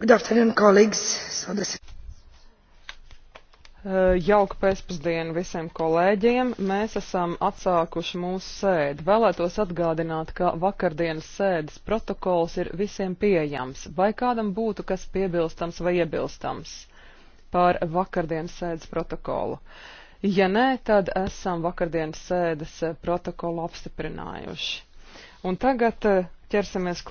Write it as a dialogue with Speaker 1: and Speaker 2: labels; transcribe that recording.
Speaker 1: Uh, jauka
Speaker 2: pēcpusdiena visiem kolēģiem. Mēs esam atsākuši mūsu sēdi. Vēlētos atgādināt, ka vakardienas sēdes protokols ir visiem pieejams. Vai kādam būtu kas piebilstams vai iebilstams par vakardienas sēdes protokolu? Ja nē, tad esam vakardienas sēdes protokolu apstiprinājuši. Un tagad uh, ķersimies.